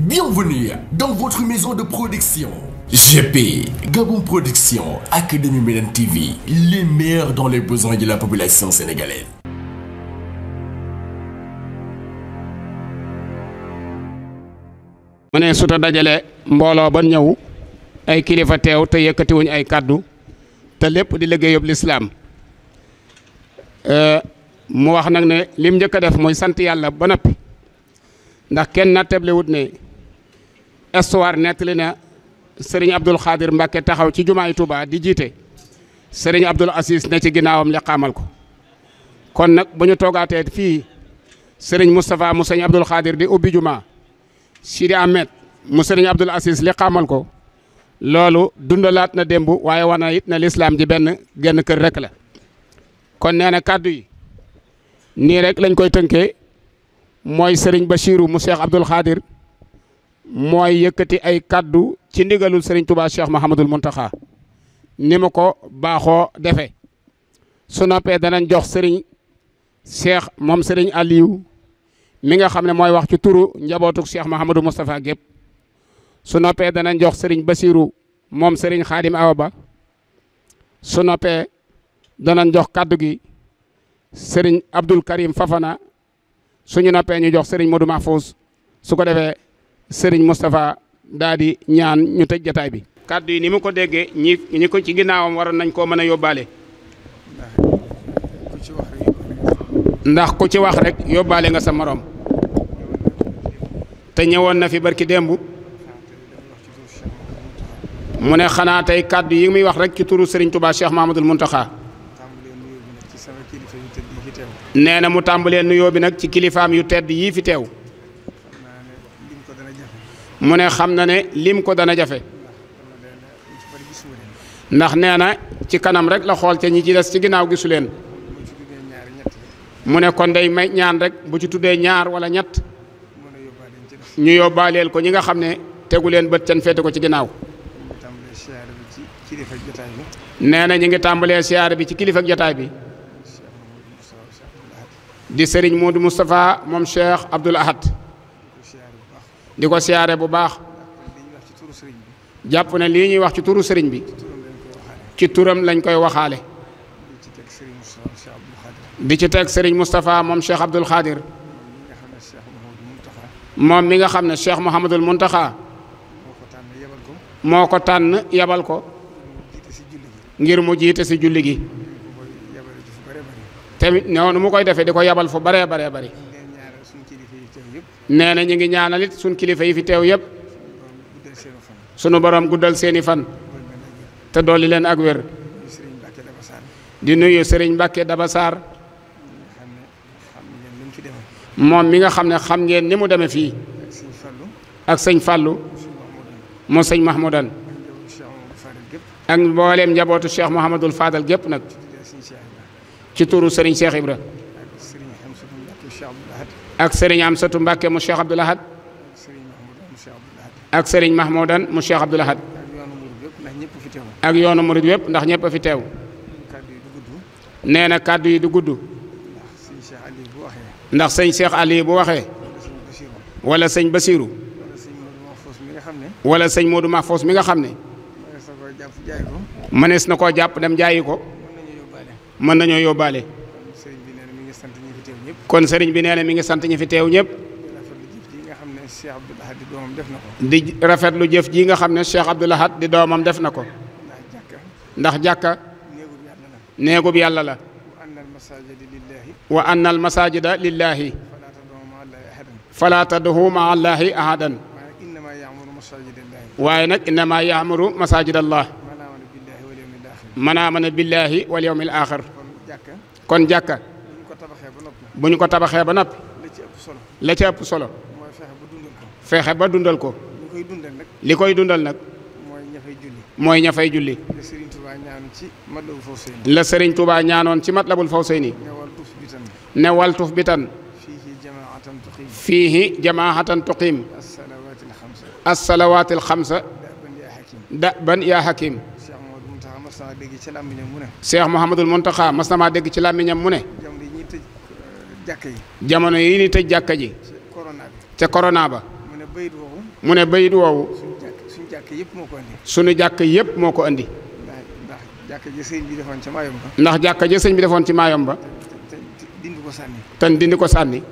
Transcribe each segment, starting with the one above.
Bienvenue dans votre maison de production. GP, Gabon Production, Académie Médane TV, les meilleurs dans les besoins de la population sénégalaise. mu ne suta dajale mbooloo ba ñëw ay kilifa teew te yëkkatiwuñ ay kàddu te lépp di liggéeyub lislaam euh, mu wax nag ne lim njëkk def mooy sant yàlla ba noppi ndax kenn natteblewut ne histoire nettali na sëriñ Abdul Xaadir mbakke taxaw ci jumaay Touba di jiite sëriñ Abdul Asis ne ci ginnaawam li xaamal ko kon nag bu ñu toogaatee fii sëriñ Moustapha mu sëriñ Abdul Xaadir di ubbi jumaa Sidi Ahmed mu sëriñ Abdul Asis li xaamal ko loolu dundalaat na démb waaye wana it na lislaam ji benn genn kër rek la kon nee na kàddu yi nii rek lañ koy tënkee mooy sëriñ Bachiru mu Cheikh Abdul Xaadir mooy yëkkati ay kàddu ci ndigalul Serigne Touba Cheikh Mahamadul Muntaxa ni ma ko baaxoo defee su noppee danañ jox sëriñ Cheikh moom sëriñ Aliou mi nga xam ne mooy wax ci turu njabootuk Cheikh Mahamadou Moustapha gépp su noppee danañ jox sëriñ Basirou moom Serigne Khadim Awa Ba su noppee danañ jox kàddu gi sëriñ abdul Karim Fafana suñu noppee ñu jox Serigne Modou Mahfouz su ko defee. sëriñ Moustapha daa ñaan ñu tëj jataay bi. kàddu yi ni mu ko déggee ñi ñi ko ci ginnaawam waroon nañ koo mën a yóbbaale. ndax ku ci wax rek yóbbaale nga sa morom. te ñëwoon na fi barki démb. mu ne xanaa tey kàddu yi muy wax rek ci turu Serigne Touba Cheikh Mahmadul Muntaxa nee na mu tàmbalee nuyoo bi nag ci kilifaam yu tedd yii fi teew. mu ne xam na ne lim ko dana jafe ndax nee na ci kanam rek la xool te ñi ci des ci ginnaaw gisu leen mu ne kon day may ñaan rek bu ci tuddee ñaar wala ñett ñu yóbbaaleel ko ñi nga xam ne tegu leen bët can feete ko ci ginnaaw nee na ñu ngi tàmbalee siyaar bi ci kilifa jataay bi di sëriñ Modou Moustapha moom Cheikh Abdoul Ahad di ko siyaare bu baax jàpp ne lii ñuy wax ci turu sëriñ bi ci turam lañ koy waxaale di ci teg sëriñ Moustapha moom Cheikh Abdoul Khadir moom mi nga xam ne Cheikh Mouhamadul Mountakha moo ko tànn yabal ko ngir mu jiite si julli gi tamit noonu mu koy defee di ko yabal fu baree baree bari nee na ñu ngi ñaanal it suñ kilifa yi fi teew yëpp sunu borom guddal seeni fan te dolli leen ak wér di nuyu Serigne Mbacke Dabassar moom mi nga xam ne xam ngeen ni mu demee fii ak sëñ fàllu moo sëñ Mahmoudan ak mbooleem njabootu Cheikh Mouhamadul Fadal gépp nag ci turu Serigne Cheikh Ibra ak sëriñ Amsatu Mbàkke mu Cheikh Abdoul ak sëriñ Mahmoudan mu Cheikh Abdoul Ahad ak yoonu murid yépp ndax ñëpp a fi teew nee na kàddu yi di gudd ndax sëñ Cheikh Ali bu waxee wala sëñ Basiru wala sëñ Modou Mahfous mi nga xam ne mënees na koo jàpp dem jaayi ko mën nañoo yóbbaale kon sëriñ bi nee na mi ngi sant ñi fi teew ñëpp. di rafetlu jëf ji nga xam ne Cheikh Abdoul Ahad di doomam def na ko. ndax jàkka. néegub yàlla la. wa annal masajida lillahi. falaa tad'u ma'a llaahi ahadan. waaye nag innama yaamuru masajida allah. man aamana billaahi wal kon jàkka. bu ñu ko tabaxee ba napp la ëpp solo. la solo. mooy fexe ba dundal ko. fexe ba li koy dundal nag. li koy dundal nag. mooy ña fay julli. mooy ña fay julli. la Serigne Touba ñaanoon ci mat Fawseyni. la Serigne Touba ñaanoon ci Matlabul Fawseyni. newal tuuf bitan. newal tuuf bitan. fiihi jamaatan tuqim. fiihi jamaatan tuqim. assalawaatil xamsa. assalawaatil xamsa. da ban yaa hakim. Cheikh Mouhamadul Mountakha mas na maa dégg ci làmmiñam mu ne. Cheikh Mouhamadul Mountakha mas na maa dégg ci làmmiñam mu ne. jàkka yi. jamono yi ni tëj jàkka ji. ca corona ca corona ba. mu ne bayit woowu. mu ne bayit woowu. suñu jàkka yëpp moo ko andi. suñu jàkka yëpp moo ko andi. ndax jàkka ji sëñ bi defoon ci maayomba. ndax jàkka ji sëñ bi defoon ci maayomba. te dindi ko sànni. te dindi ko sànni.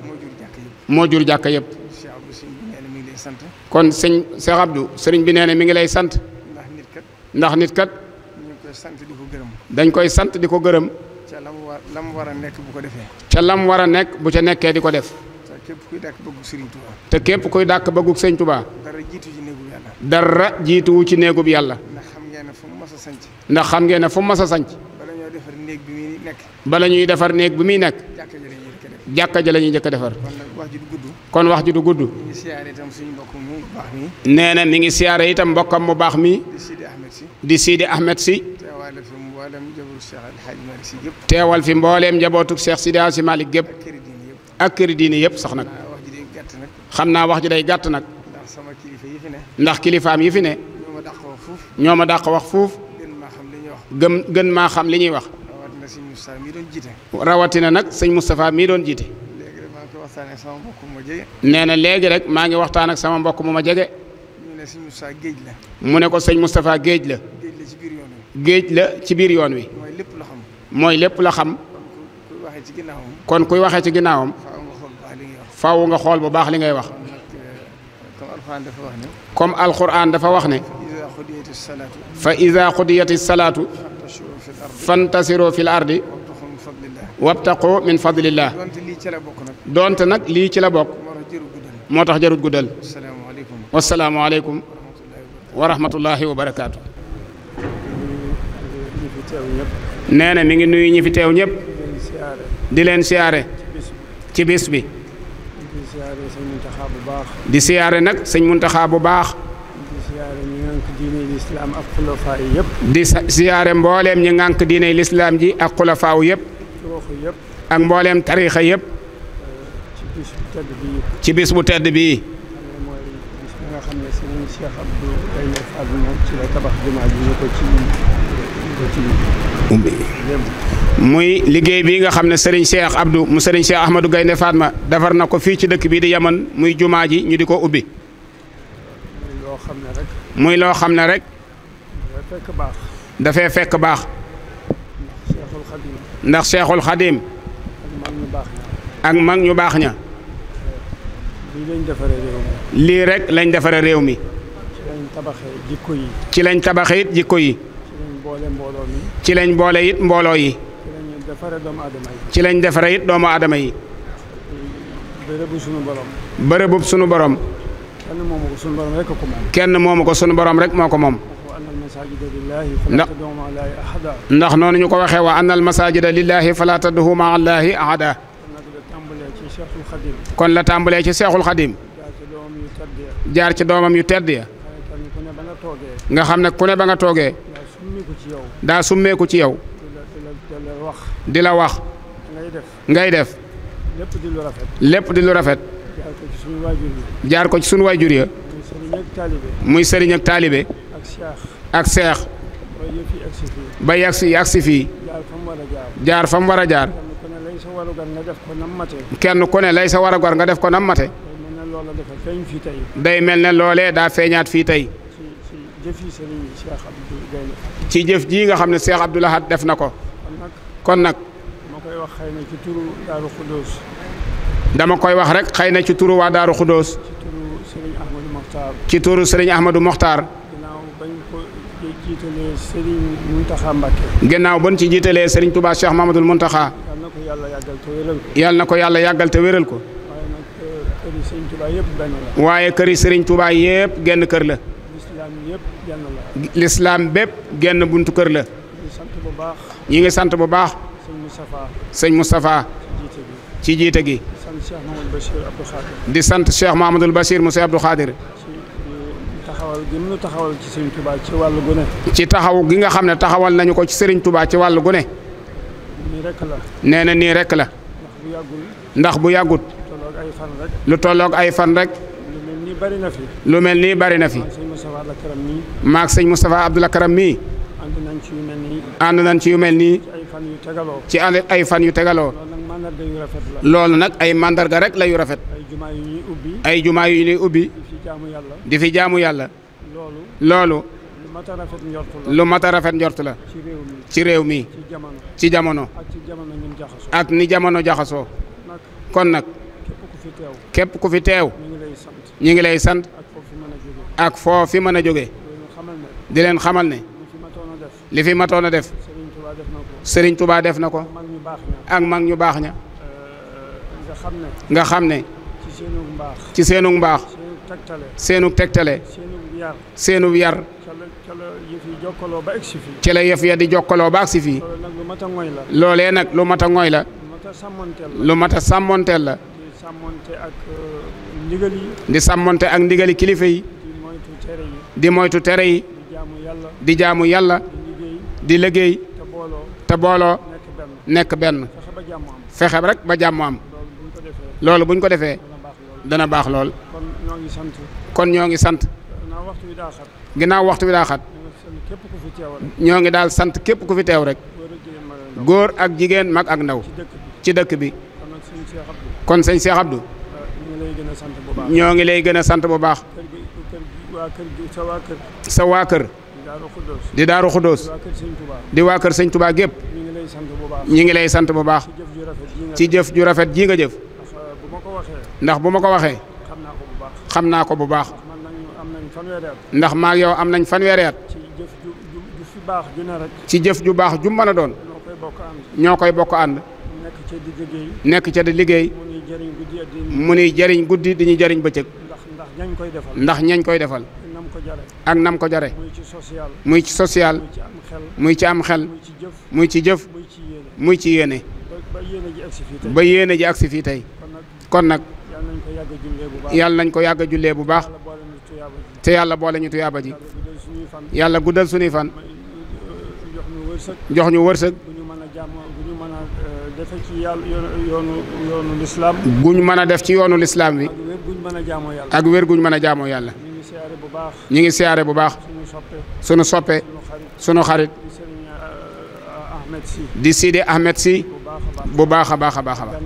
moo jur jàkka yëpp. moo jur kon sëñ Cheikh Abdou sëriñ bi nee na mi ngi lay sant. ndax nit kat. ndax nit kat. dañ koy sant di ko gërëm. lam war a nekk bu ko defee. ca lam war a nekk bu ca nekkee di ko def. te képp kuy dàkk bëggug Serigne Touba. te képp kuy dàkk bëggug Serigne Touba. dara jiitu ci néegub yàlla. jiituwu ci néegub yàlla. ndax xam ngeen ne fu mu mas a sanc. ndax xam ngeen ne fu mu mas a sanc. bala ñuy defar néeg bi muy nekk. ñuy defar néeg bi muy nekk. jàkka ja la jëkk njëkk a defar. kon wax ji du gudd. nee na mi ngi siyaare itam mbokkam mu baax mi. di Sidi Ahmed si. teewal fi mbooleem njabootuk Cheikh Sidi Hadj Malick gépp ak këri diini yëpp sax nag xam naa wax ji day gàtt nag ndax kilifaam yi fi ne ñoo ma dàq wax fuuf gëm gën maa xam li ñuy wax rawatina nag sëñ Moustapha mii doon jiite nee na léegi rek maa ngi waxtaan ak sama mbokk mu ma jege mu ne ko sëñ Moustapha Géej la géej la ci biir yoon wi. mooy lépp la xam. mooy lépp la xam. kon kuy waxee ci ginnaawam. faw nga xool bu baax li ngay wax. Euh, comme alxuraan dafa wax ne. fa iza xudiyati salaatu. fantasiroo fil ardi. wabtaqu min fadlillah. donte nag lii ci la bokk. moo tax jarut guddal. wasalaamualeykum. wa rahmatullahi wa nee na mi ngi nuyu ñi fi teew ñëpp. di leen siyaare. ci bis bi. di siyaare nag sëñ Muntaxa bu baax. di siyaare mbooleem ñi ngànk diine lislaam ji ak xulafaaw yëpp. ak mbooleem tariixa yépp ci bis bu tedd bii. nga xam ne ummi muy liggéey bi nga xam ne Serigne Cheikh Abdou mu Serigne Cheikh Ahmadou Gaynde ma defar na ko fii ci dëkk bii di Yaman muy jumaa ji ñu di ko ubbi. muy loo xam ne rek. dafay fekk baax. ndax Cheikhul Khadim. ak mag ñu baax ña. lii rek lañ defare réew mi. ci lañ tabaxee ci lañ tabaxee jikko yi. ci lañ boole it mbooloo yi. ci lañ defare it doomu aadama yi. bërëbu sunu borom. bërëbu sunu borom. kenn moomu ko sunu borom rek ko kenn moomu ko sunu borom rek moo ko moom. ndax ndax noonu ñu ko waxee wa annal masaajida lillaahi falaa tad'uu ma'a llaahi ahadaa. kon la tàmbalee ci seexul xadim. jaar ci doomam yu tedd ya. nga xam ne ku ba nga toogee. daa summeeku ci yow. di la wax. ngay def. lépp di lu rafet. jaar ko ci sunu waajur ya muy sëriñ ak taalibe. ak seex. ba yagsi yagsi fii. jaar fa mu war a jaar. kenn ku ne lay sa war a gar nga def ko nam mate. day mel ne loolee daa feeñaat fii tey. ci jëf ji nga xam ne seex Abdoul Ahad def na ko. kon nag. dama koy wax xëy na koy wax rek xëy na ci turu waa Daaru Xuddoos. ci turu Serigne Ahmadou Mokhtar. jiitalee Serigne Mountakha ci jiitalee Serigne Touba Cheikh Mamadou Mountakha. yal na yàlla yàggal wéral ko. na ko yàlla yàggal te wéral ko. waaye nag eh, kër yi Serigne genn kër la. lislaam bépp genn buntu kër la. ñi ngi sant bu baax. sëñ Moustapha. ci jiite gi. di sant Cheikh Mouhamadul Bachir mu Cheikh Abdou Khadir. taxawal gi mu taxawal ci Serigne Touba ci wàllu ci taxaw gi nga xam ne taxawal nañu ko ci Serigne Touba ci wàllu gune. nii nee na nii rek la. ndax bu yàggut. lu tolloog ay fan rek. bari na fi. lu mel nii bari na fi. maak sëñ Moustapha Abdoulaye Karam mii. ànd nañ ci yu mel nii. ànd nañ ci yu mel nii. ci ay fan yu tegaloo. ci ay fan yu tegaloo. loolu nag ay mandarga rek la yu rafet. ay jumaa yu ñuy ubbi. ay jumaa yu ñuy ubbi. di fi jaamu yàlla. di fi jaamu yàlla. loolu. lu mat a rafet njort la. ci réew mi. ci jamono. ak ni jamono jaxasoo. kon nag. képp ku fi teew. ñu ngi lay sant ak foo fi mën a jóge di leen xamal ne li fi matoon a def Serigne Touba def na ko ak mag ñu baax ña nga xam ne ci seenu mbaax seenu tegtale seenu yar ci la yëf ya di jokkaloo ba si fii loolee nag lu mat a ngoy la lu mat sàmmoonteel sàmmonteel la ndigal yi di sàmmonte ak ndigali kilifa yi di moytu tere yi di jaamu yàlla di liggéey te booloo nekk benn fexe rek ba jàmm am loolu buñ ko defee dana baax lool kon ñoo ngi sant gannaaw waxtu wi daa xat ñoo ngi daal sant képp ku fi teew rek góor ak jigéen mag ak ndaw ci dëkk bi kon sëñ Cheikh ñoo ngi lay gën a sant bu baax. sa waa kër. di daaru Xuddoos. di waa kër sëñ Touba gépp ñi ngi lay sant bu baax. ci jëf ju rafet jii nga jëf. Euh, ndax bu ma ko waxee. xam naa ko bu baax. ndax maa yow am nañ fanweeri at. ci jëf ju baax ju mën a doon. ñoo koy bokk ànd. nekk ca di liggéey. mu ni jariñ guddi di ñu jariñ bëccëg ndax ñañ koy defal ak nam ko jare muy ci social muy ci am xel muy ci jëf muy ci yéene ba yéene ji agsi fii tey kon nag yàlla nañ ko yàgg a bu baax te yàlla boole ñu tuyaaba ji yàlla guddal suñuy fan uh, jox ñu wërsëg jàmm gu a euh, defe ci yàlla yoonu yoonu lislaam. mën a def ci yoonu lislaam wi ak wér gu ñu mën a jaamoo yàlla. ak wér gu mën a jaamoo yàlla. ngi siyaare bu baax. ñu ngi siyaare bu baax. sunu soppe. sunu xarit. Euh, di Sidi Ahmed si. bu baax a baax a baax a baax.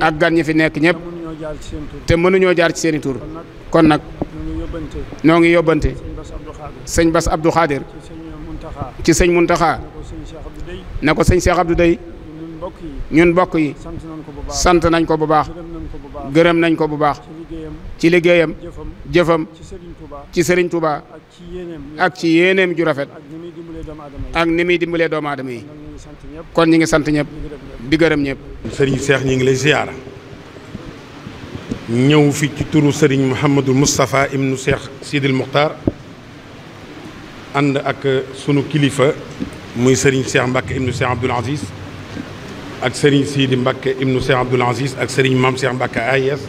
ak gan ñi fi nekk ñëpp. te mënuñoo jaar ci seeni tur. kon nag. ñoo ngi yóbbante. sëñ Bass Abdou Khadir. ci sëñ Muntaxa na ko sëñ Cheikh Abdou Dey ñun mbokk yi sant nañ ko bu baax gërëm nañ ko bu baax ci liggéeyam jëfam ci sëriñ Touba ak ci yéeneem ju rafet ak ni muy dimbalee doomu aadama yi kon ñi ngi sant ñëpp di gërëm ñëpp. Serigne seex ñu ngi lay ziyaara ñëw fi ci turu Serigne Mouhamadou Moustapha ibnu seex Sidil Mokhtar. ànd ak euh, sunu kilifa muy Serigne Cheikh Mbacke ibnu Cheikh Abdoul Aziz ak Serigne Sidi Mbacke ibnu Cheikh Abdoul Aziz ak Serigne Mame Cheikh Mbacke AIS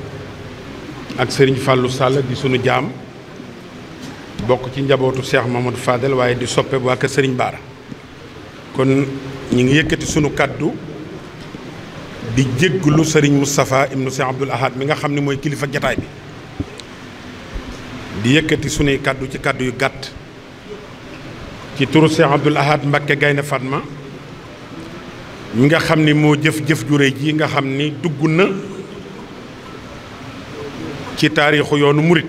ak sëriñ fàllu Sall di sunu jaam bokk ci njabootu Cheikh Mamadou Fadel waaye di soppe waa kër Serigne Bara kon ñu ngi yëkkati sunu kàddu di jégglu sëriñ Moustapha ibnu Cheikh Abdoul Ahad mi nga xam ne mooy kilifa jataay bi di yëkkati sunuy kàddu ci kàddu yu gàtt. ci turu Cheikh Abdoul Ahad Gaynde Fatma mi nga xam ni moo jëf jëf ju réy nga xam ni dugg na ci taarixu yoonu murit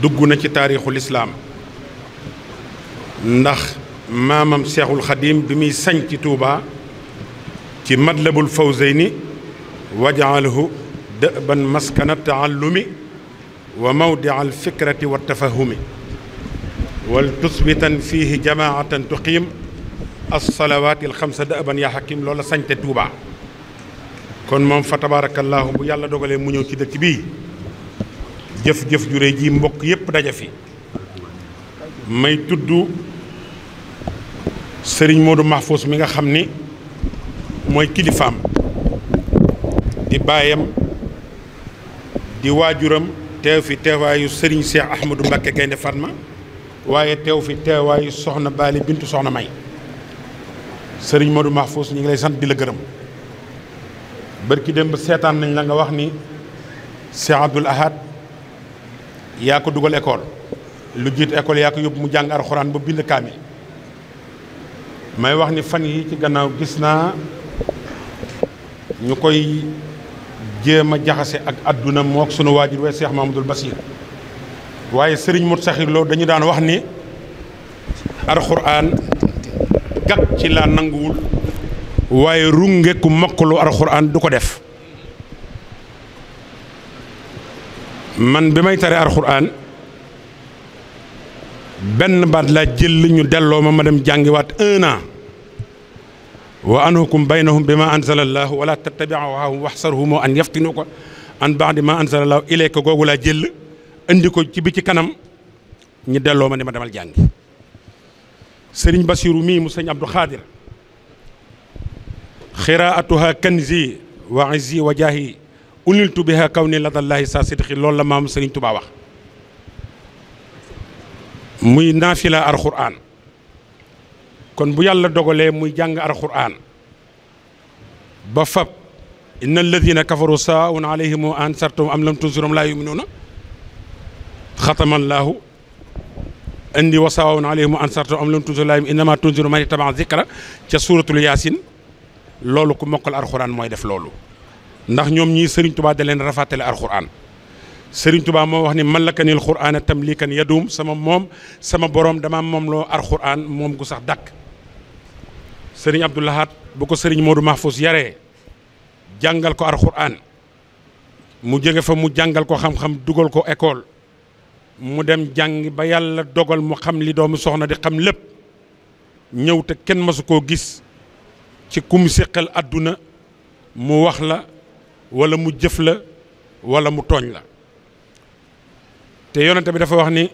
dugg na ci taarixu lislaam ndax maamam Cheikhul Khadim bi muy sañ ci Touba ci Matlabul Fawzayni wajaalhu dëban maskana taallumi wa mawdia al fikrati wa tafahumi wal fii fiihi jamaatan tuqiim alsalawaati alxamsa da'aban yaa xakim loolu la sañte Tuuba kon moom fa tabaarakallaahu bu yàlla dogalee mu ñëw ci dëkk bii jëf-jëf jure ji mbokk yépp daja fi may tudd sëriñ Modou Mahfous mi nga xam ni mooy kilifaam di baayam di waajuram teew fi teewaayu sëriñ Cheikh Ahmadou Mbacké Gaynde Fatma waaye teew fi teewaayu soxna Baali Bintu soxna May sëriñ Modou Mahfous ñu ngi lay sant di la gërëm bërki dem ba seetaan nañ la nga wax ni Cheikh Abdoul Ahad yaa ko dugal école lu jiit école yaa ko yóbbu mu jàng xoraan ba bind kaamil may wax ni fan yi ci gannaaw gis naa ñu koy jéem a jaxase ak àdduna mook sunu waajur wee Cheikh dul Bassir waaye sëriñ Moutakhir Lo dañu daan wax ni alxuraan gàkk ci laa nanguwul waaye runge ku mokkalu alxuraan du ko def man bi may tare alxuraan benn baat laa jël ñu delloo ma ma dem jàngiwaat un an wa anhukum baynahum bi ma anzala allahu wala tattabi hawaahum waxsarhumoo an yaftinu ko an baadi ma anzala allahu ilayka googu laa jël indi ko ci bi ci kanam ñu delloo ma ni ma demal jàngi sëriñ Basiru mii mu sëñ Abdou Khadir xiraatuha kanzi wa izzi wa jaahi uniltu biha kaw ni ladallaahi sa sidqi loolu la maam sëriñ Tuubaa wax muy naafila alxuraan kon bu yàlla dogalee muy jàng alxuraan ba fab inna alladina kafaru saaun alayhim an sartum am lam tunsurum laa yuminuuna xatamallaahu indi wasaawoon alayhim om ansartu am lam tunzirulaahim innama tunziru man ittaba zikra ca suuratul yaasin loolu ku mokkal alxuraan mooy def loolu ndax ñoom ñii Serigne tubaa da leen rafatale alxuraan Serigne tubaa moo wax ni tam lii kan yadum sama moom sama boroom dama moom loo alxuraan moom gu sax dàkk Serigne Abdou Lahad bu ko sëriñ Serigne Modou Mahfous yare jàngal ko alxuraan mu jege fa mu jàngal ko xam-xam dugal ko école. mu dem jàngi ba yàlla dogal mu xam li doomu soxna di xam lépp ñëw te kenn masu koo gis ci kum séqal àdduna mu wax la wala mu jëf la wala mu tooñ la te yonente bi dafa wax ni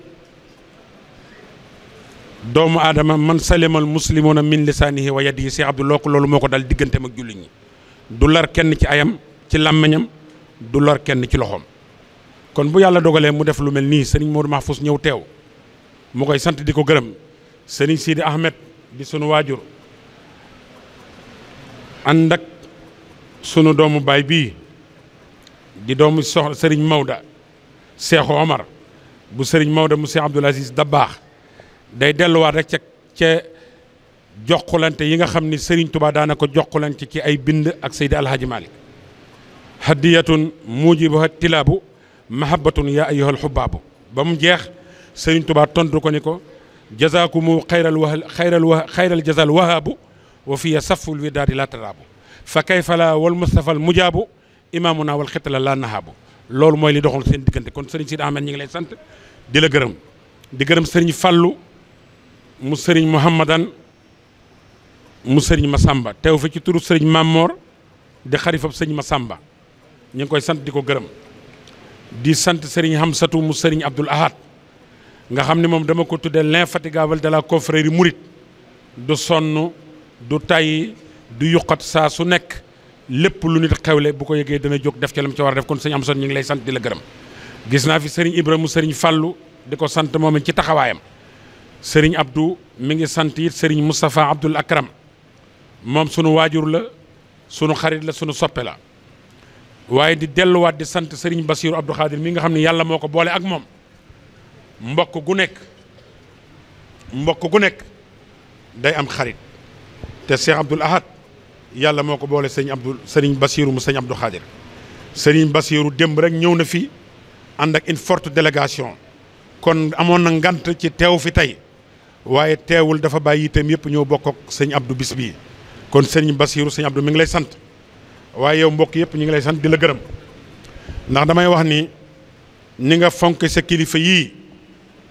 doomu aadama man salimal muslimuna min lisaanihi wa yadihi si abdu loo ko loolu moo ko dal diggante ak jullit ñi du lar kenn ci ayam ci làmmiñam du lar kenn ci loxoom kon bu yàlla dogalee mu def lu mel nii sëriñ Modou Mahfous ñëw teew mu koy sant di ko gërëm sëriñ Sidi Ahmed di sunu waajur ànd ak sunu doomu baay bii di doomu sox sëriñ Maoda Seexu Omar bu sëriñ Maoda mu Seex Abdul Aziz Dabaax day delluwaat rek ca ca jokkulante yi nga xam ni sëriñ tubaa daana ko ci ay bind ak Seydi Alhaji Malick hadiyatun mujibuha tilaabu mahabbatun yaa ayyuhal xubbaabu ba mu jeex sëriñ tubaa tontu ko ni ko jazaakumu xayral wa xayral wa xayral jazal wahaabu wa fiya saful widaadi laa taraabu fa kayfa laa wal mustafal mujaabu imaamuna wal xitla laa nahaabu loolu mooy li doxoon seen diggante kon sëriñ Sidi Ahmed ñi ngi lay sant di la gërëm di gërëm sëriñ Fallou mu sëriñ Mouhamadan mu sëriñ ma Massamba teew fi ci turu sëriñ Mamor di xarifab sëriñ Massamba ñu ngi koy sant di ko gërëm di sant Serigne Hamsatu mu Serigne Abdoul Ahad nga xam ne moom dama ko tuddee l'infatigable de la confrérie mouride du sonn du tay du yuqat saa su nekk lépp lu nit xewle bu ko yëgee dana jóg def ca lam ca war a def kon Serigne Hamsatu ñu ngi lay sant di la gërëm gis naa fi Serigne Ibrahima mu Serigne Fallou di ko sant moom ci taxawaayam Serigne Abdou mi ngi sant it Serigne Moustapha Abdoul Akram moom sunu waajur la sunu xarit la sunu soppe la. waaye di delluwaat di sant Serigne Bassirou Abdou Khadir mi nga xam ne yàlla moo ko boole ak moom mbokk gu nekk mbokk gu nekk day am xarit te Cheikh Abdoul Ahad yàlla moo ko boole sëñ Abdoul Serigne Bassirou mu sëñ Abdou Khadir Serigne Bassirou démb rek ñëw na fi ànd ak une forte délégation kon amoon na ngant ci teew fi tey waaye teewul dafa bàyyi itam yëpp ñëw bokk ak sëñ Abdou bis kon Serigne Bassirou sëñ Abdou mi ngi lay sant. waaye yow mbokk yëpp ñu ngi lay sant di la gërëm ndax damay wax ni ni nga fonk sa kilifa yii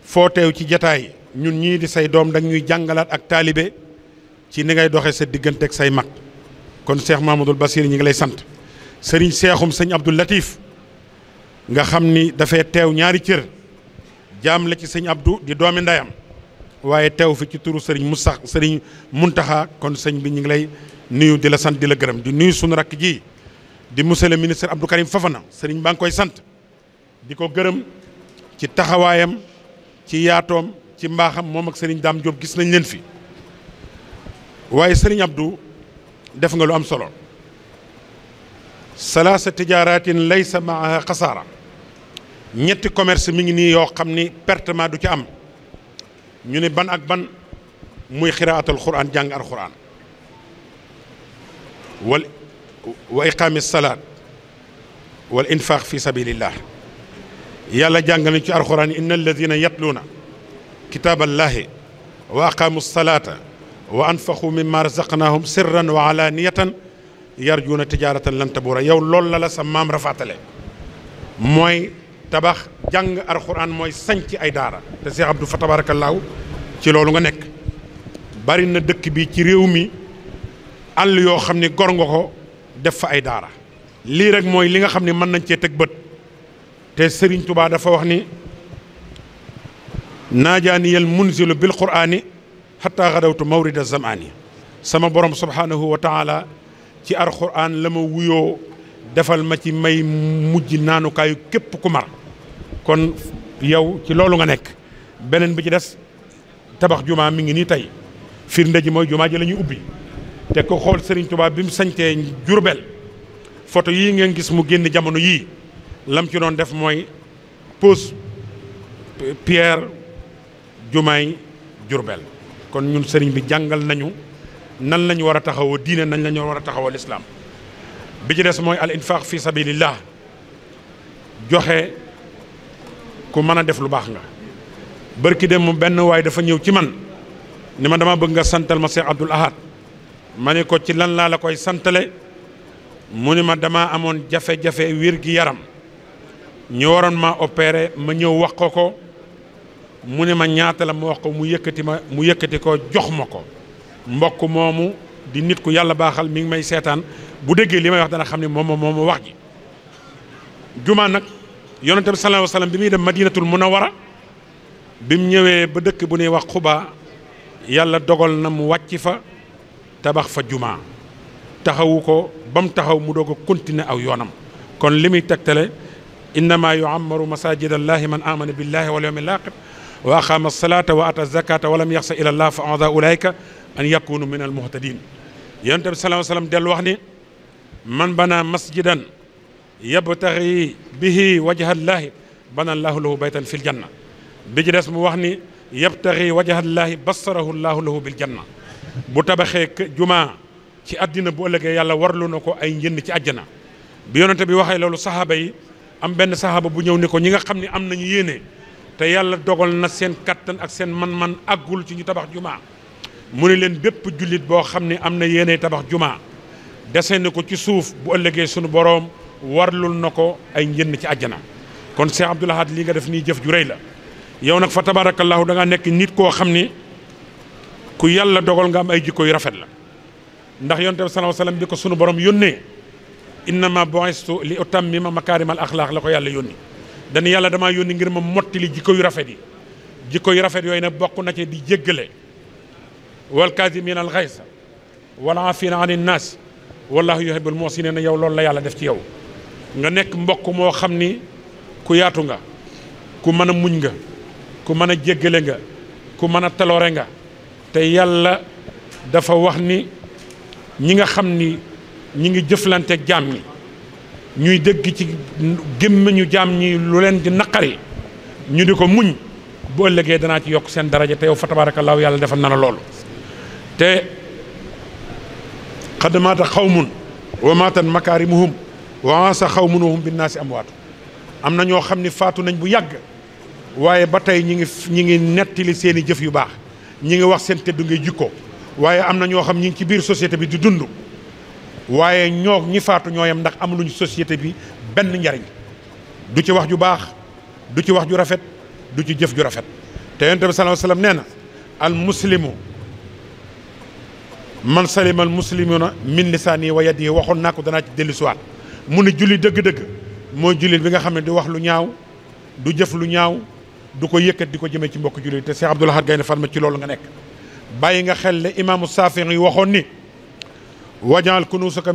foo teew ci jataay ñun ñii di say doom dañ ñuy jàngalaat ak taalibe ci ni ngay doxee sa diggante ak say mag kon Cheikh Mahamadoul Basir ñu ngi lay sant sëriñ seexum sëñ Abdou Latif nga xam ni dafay teew ñaari cër jaam la ci sëñ Abdou di doomi ndeyam waaye teew fi ci turu sëriñ Moussa sëriñ Muntaxa kon sëñ bi ñu ngi lay nuyu di la sant di la gërëm di nuyu suñu rakk ji di monsieur le ministre Abdou Karim Fafana sëriñ baa koy sant di ko gërëm ci taxawaayam ci yaatoom ci mbaaxam moom ak sëriñ daam Diop gis nañ leen fi waaye sëriñ Abdou def nga lu am solo salaasa tijaaratin laysa maaha xasaara ñetti commerce mi ngi nii yoo xam ni pertement du ci am ñu ne ban ak ban muy xiraatul quran jàng al quran wal wa iqaami salaat wal infaq fi sabilillah yàlla jàngale ci alxuraan inna alladina yatluuna kitaaballahi wa aqaamu salaata wa anfaqu mimma razaqnahum sirran wa alaaniyatan yarjuuna tijaaratan lan tabuura yow loolu la la sa maam rafaatale mooy tabax jàng alxuraan mooy sañc ay daara te Cheikh Abdou fa tabaarakallaahu ci loolu nga nekk bari na dëkk bi ci réew mi àll yoo xam ni gor nga ko def fa ay daara lii rek mooy li nga xam ni mën nañ cee teg bët te sëriñ Touba dafa wax ni naajaaniyal munzilu bil quraani xataa xadawtu mawrida zamaani sama borom subhaanahu wa taala ci ar quraan la ma wuyoo defal ma ci may mujj naanukaayu képp ku mar kon yow ci loolu nga nekk beneen bi ci des tabax jumaa mi ngi nii tey firnde ji mooy jumaa ji la ubbi te ko xool sëriñ tubaab bi mu sañtee Jurbel photo yii ngeen gis mu génn jamono yii lam ci doon def mooy pose pierre jumaay Jurbel kon ñun sëriñ bi jàngal nañu nan lañu war a taxawoo diine nañ lañu war a taxawoo lislaam bi ci des mooy al infaq fi sabilillah joxe ku mën a def lu baax nga ki dem mu benn waaye dafa ñëw ci man ni ma dama bëgg nga santal ma Cheikh Abdoul Ahad ma ni ko ci lan laa la koy santale mu ni ma dama amoon jafe-jafe wér gi yaram ñu waroon ma opéré ma ñëw wax ko ko mu ni ma ñaata la ma wax ko mu yëkkati ma mu yëkkati ko jox ma ko mbokk moomu di nit ku yàlla baaxal mi ngi may seetaan bu déggee li may wax dana xam ni moom moom wax ji jumaa nag yonente bi sallallahu alayhi wa sallam bi muy dem madinatul munawwara bi mu ñëwee ba dëkk bu ñuy wax xubaa yàlla dogal na mu wàcc fa tabax fa jumaa taxawu ko ba mu taxaw mu doog a continuer aw yoonam kon li muy tegtale innama yuammaru masajid allahi man amana billahi wal yawmil aaxir wa aqama salata wa ata zakata wa lam yaxsa ila allah fa ada ulaika an yakunu min al muhtadin yonent bi sallallahu alayhi wa sallam dellu wax ni man bana masjidan yabtaxi bihi wajha llahi bana llahu lahu baytan fi l janna bi ci des mu wax ni yabtaxi wajha llahi basarahu llahu lahu bil janna bu tabaxee jumaa ci àddina bu ëllëgee yàlla warlu na ko ay njënd ci àjjana bi bi waxee loolu saxaaba yi am benn saxaaba bu ñëw ni ko ñi nga xam ne am nañu yéene te yàlla dogal na seen kattan ak seen man-man àggul ci ñu tabax jumaa mu ne leen bépp jullit boo xam ne am na yéene tabax jumaa dese na ko ci suuf bu ëllëgee sunu boroom warlul na ko ay njënd ci àjjana kon Cheikh Abdoul Ahad lii nga def nii jëf ju rëy la yow nag fa tabarakallahu da nekk koo xam ni ku yàlla dogal nga am ay jikko yu rafet la ndax yonte bi sallallahu alayhi wasallam bi ko sunu borom yónnee innama bu'istu li utammima makaarimal axlaaq la ko yàlla yónni dañu yàlla damaa yónni ngir ma mottali jikko yu rafet yi jikko yu rafet yooyu ne bokk na ci di jéggale wal kaazimiina al xaysa wal aafiina anin naas wallaahu yuhibbul na yow loolu la yàlla def ci yow nga nekk mbokk moo xam ni ku yaatu nga ku mën a muñ nga ku mën a jéggale nga ku mën a taloore nga te yàlla dafa wax ni ñi nga xam ni ñi ngi jëflante ak jaam ñi ñuy dégg ci gémmiñu jaam ñi lu leen di naqari ñu di ko muñ bu ëllëgee danaa ci yokk seen daraja te yow fa tabaarakallaahu yàlla defal na loolu te xad xaw xawmun wa maatan makaarimuhum wa ansa xawmun wahum binnaasi amwaatu am na ñoo xam ni faatu nañ bu yàgg waaye ba tey ñi ngi ñi ngi nettali seeni jëf yu baax ñi ngi wax seen teddu ngay jikko waaye am na ñoo xam ñi ngi ci biir société bi di dund waaye ñoo ñi faatu ñooyam ndax amuluñu société bi benn njariñ du ci wax ju baax du ci wax ju rafet du ci jëf ju rafet te yonent bi sallallahu alayhi wasallam nee na al muslimu man salima al muslimuna min lisaani wa yi waxoon naa ko danaa ci dellu siwaat mu ne julli dëgg-dëgg mooy jullit bi nga xam ne du wax lu ñaaw du jëf lu ñaaw du ko yëkkat di ko jëmee ci mbokk jullit te Cheikh Abdoul Ahad Gaynde Fatma ci loolu nga nekk bàyyi nga xel ne imaamu Saafi yi waxoon ni wajaal kunuusaka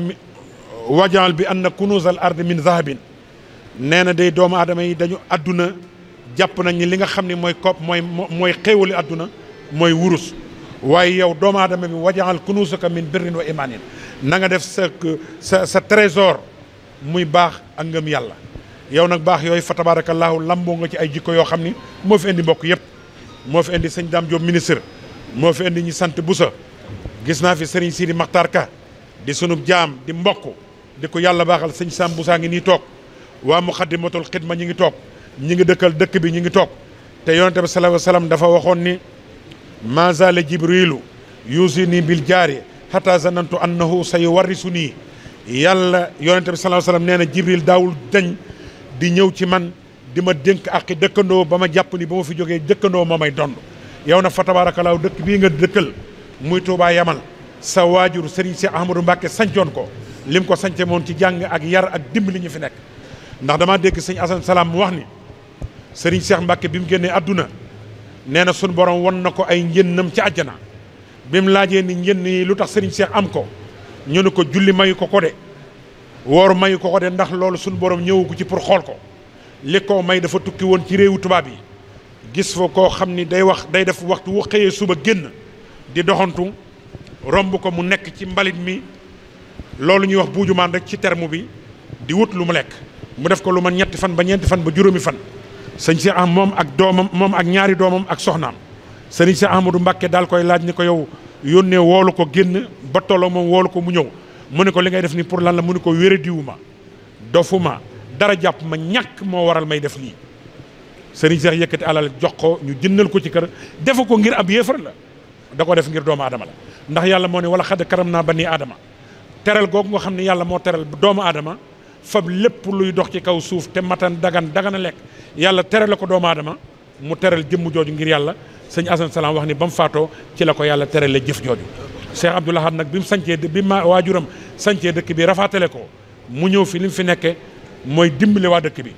wajaal bi na kunuusal ardi min zahabin nee na day doomu aadama yi dañu àdduna jàpp nañ ni li nga xam ni mooy kopp mooy mooy xéewali àdduna mooy wurus waaye yow doomu aadama bi wajaal kunuusaka min birrin wa imaanin na nga def sa sa sa trésor muy baax ak ngëm yàlla yow nag baax yooyu fa tabaarakallaahu lamboo nga ci ay jikko yoo xam ni moo fi indi mbokk yëpp moo fi indi sëñ daam Diop ministre moo fi indi ñi sant Boussa gis naa fi sëriñ Sidi Makhtar Ka di sunub jaam di mbokk di ko yàlla baaxal sëñ Sam Boussa ngi nii toog waa Muxaddamatul Xidma ñi ngi toog ñi ngi dëkkal dëkk bi ñi ngi toog te yonente bi sallallahu alayhi wasallam dafa waxoon ni mazala jibrilu yusini bil jaari hatta zanantu annahu sayuwarrisu nii yàlla yonente bi sallallahu alayhi wasallam nee na jibril daawul di ñëw ci man di ma dénk ak dëkkandoo ba ma jàpp ni ba ma fi jógee dëkkandoo moo may dond yow na fa tabaarakalaaw dëkk bii nga dëkkal muy tuubaa Yamal sa waajur Serigne si Ahmadou Mbacke sancoon ko lim ko sance moom ci jàng ak yar ak dimbali ñu fi nekk ndax damaa dégg sëñ Assane salaam mu wax ni Serigne Cheikh Mbacke bi mu génnee àdduna nee na sunu borom won na ko ay njënnam ci àjjana bi mu laajee ni njënn yi lu tax Serigne Cheikh am ko ñu ne ko julli mayu ko ko woor mayu ko ko de ndax loolu suñu borom ko ci pour xool ko li ko may dafa tukki woon ci réewu tubaab yi gis fa koo xam ni day wax day def waxtu wu xëyee suba génn di doxantu romb ko mu nekk ci mbalit mi loolu ñuy wax buujumaan rek ci terme bi di wut lu mu lekk mu def ko lu man ñetti fan ba ñeenti fan ba juróomi fan sañ si am moom ak doomam moom ak ñaari doomam ak soxnaam sëriñ si Ahmadou Mbàkke daal koy laaj ni ko yow yónnee woolu ko génn ba tolloo moom woolu ko mu ñëw mu ne ko li ngay def nii pour lan la mu ne ko wéradiwu ma dofu ma dara jàpp ma ñàkk moo waral may def nii sëriñ Cheikh yëkkati alal jox ko ñu jëndal ko ci kër defu ko ngir ab yéefar la da ko def ngir doomu aadama la ndax yàlla moo ne wala xad karam naa ba nii aadama teral googu nga xam ne yàlla moo teral doomu aadama fab lépp luy dox ci kaw suuf te matan dagan dagana a lekk yàlla terale ko doomu adama mu teral jëmm jooju ngir yàlla sëñ Assane Salam wax ni ba mu faatoo ci la ko yàlla terale jëf jooju Cheikh Abdoul Ahad nag bi mu sancee bi ma waajuram sancee dëkk bi rafaatale ko mu ñëw fi li fi nekke mooy dimbali waa dëkk bi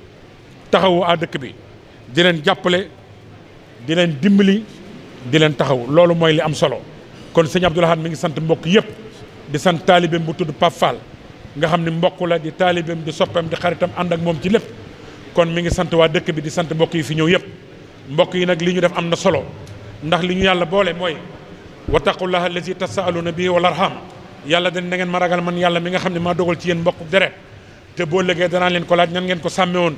taxawu a dëkk bi di leen jàppale di leen dimbali di leen taxaw loolu mooy li am solo kon sëñ Abdoul Ahad mi ngi sant mbokk yëpp di sant taalibeem bu tudd Pape nga xam ni mbokk la di taalibeem di soppeem di xaritam ànd ak moom ci lépp kon mi ngi sant waa dëkk bi di sant mbokk yi fi ñëw yëpp mbokk yi nag li ñu def am na solo ndax li ñu yàlla boole mooy wattaqullaha allazi tasaaluna bihi wal arham yàlla dañ na ma ragal man yàlla mi nga xam ne maa dogal ci yéen mbokk deret te boo lëgee danaa leen ko laaj nan ngeen ko sàmme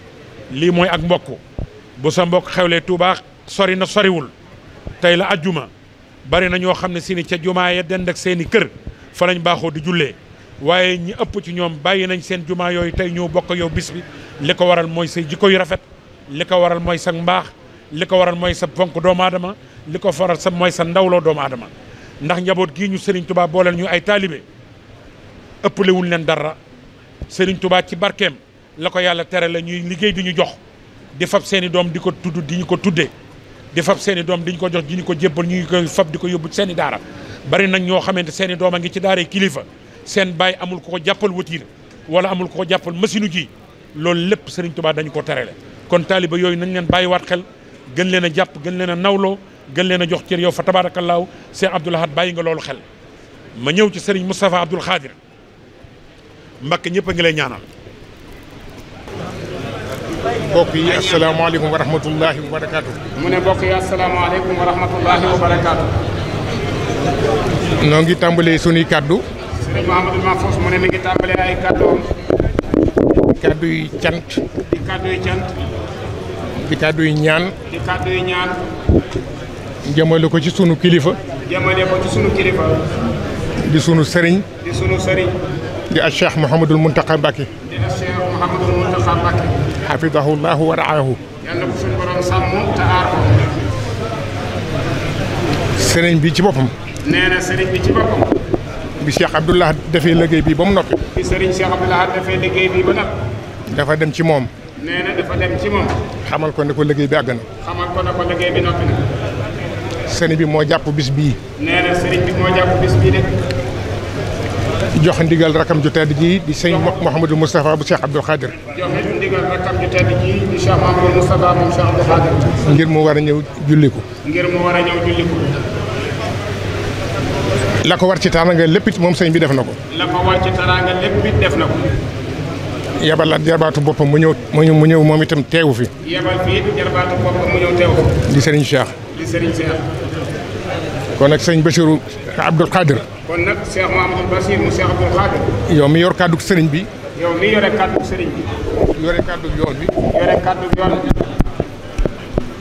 lii mooy ak mbokk bu sa mbokk xew lee Tuubaa sori na soriwul tey la ajjuma bari na ñoo xam ne si ni ca jumaa ya dend ak seen i kër fa lañu baaxoo di jullee waaye ñi ëpp ci ñoom bàyyi nañ seen jumaa yooyu tey ñoo bokk yow bis bi li ko waral mooy sa jikko yu rafet li ko waral mooy sa mbaax li ko waral mooy sa fonk doomu aadama li ko faral sa mooy sa ndawloo doomu aadama ndax njaboot gii ñu Serigne tubaa booleel ñu ay taalibe ëpplewul leen dara sëriñ tubaa ci barkeem la ko yàlla tere la ñuy liggéey di ñu jox di fab seen doom di ko tudd di ñu ko tuddee di fab seen doom di ñu ko jox di ñu ko jébbal ñu ngi koy fab di ko yóbbu seeni i daara bari nañ ñoo xamante seen i doom a ngi ci daaree kilifa seen baay amul ko ko jàppal watiir wala amul ko ko jàppal masinu ji loolu lépp Serigne tubaa dañu ko terele kon taaliba yooyu nañ leen bàyyiwaat xel gën leen a jàpp gën leen a nawloo gën leen a jox cër yow fa tabaarakallaahu Cheikh Abdoul Ahad bàyyi nga loolu xel ma ñëw ci sëriñ Moustapha Abdoul Khadir Mbàkke ñëpp a ngi lay ñaanal. mbokk yi asalaamaaleykum wa rahmatullaahi wa barakaatu. mu ne mbokk yi asalaamaaleykum wa rahmatullaahi wa barakaatu. noo ngi tàmbalee sunuy kaddu. mu ne mi ngi tàmbalee ay kaddoom. yu cant. di kaddu yu cant. di kaddu yu ñaan. jëmale ko ci sunu kilifa. jëmale ko ci sunu kilifa. di sunu sëriñ. di sunu sëriñ. di ak Cheikh Mouhamadul Mountakha Mbacké. di ak Cheikh Mouhamadul Mountakha Mbacké. xafidahullahu wa raahu. yàlla ko suñu borom sàmm te aar ko. sëriñ bi ci boppam. nee na sëriñ bi ci boppam. bi Cheikh Abdoulaye defee liggéey bi ba mu noppi. bi sëriñ Cheikh Abdoulaye defee liggéey bi ba noppi. dafa dem ci moom. nee na dafa dem ci moom. xamal ko ne ko liggéey bi àgg na. xamal ko ne ko liggéey bi noppi na. seni bi moo jàpp bis bii. nee na sëriñ bi moo jàpp bis de. jox ndigal rakam ju tedd ji di sëñ Mouhamadou Moustapha bu Cheikh Abdoul Khadir. joxe ndigal rakam ju tedd ji di Cheikh Mouhamadou Moustapha moom Cheikh Abdoul Khadir. ngir mu war a ñëw julliku. ngir mu war la ko war ci tànnanga lépp moom sëñ bi def na ko. la ko war ci tànnanga lépp def na ko. yabal la jarbaatu boppam mu ñëw mu ñëw moom itam teewu fi. yabal di sëriñ Cheikh. di sëriñ Cheikh. kon nag sëriñ Bachirou Abdoul Khadir. kon nag Cheikh Mamadou Bachir mu Cheikh Abdoul Khadir. yow mi yor kàddu sëriñ bi. yow mi yore kàddu sëriñ bi. yore kàddu yoon bi. yore kàddu yoon bi.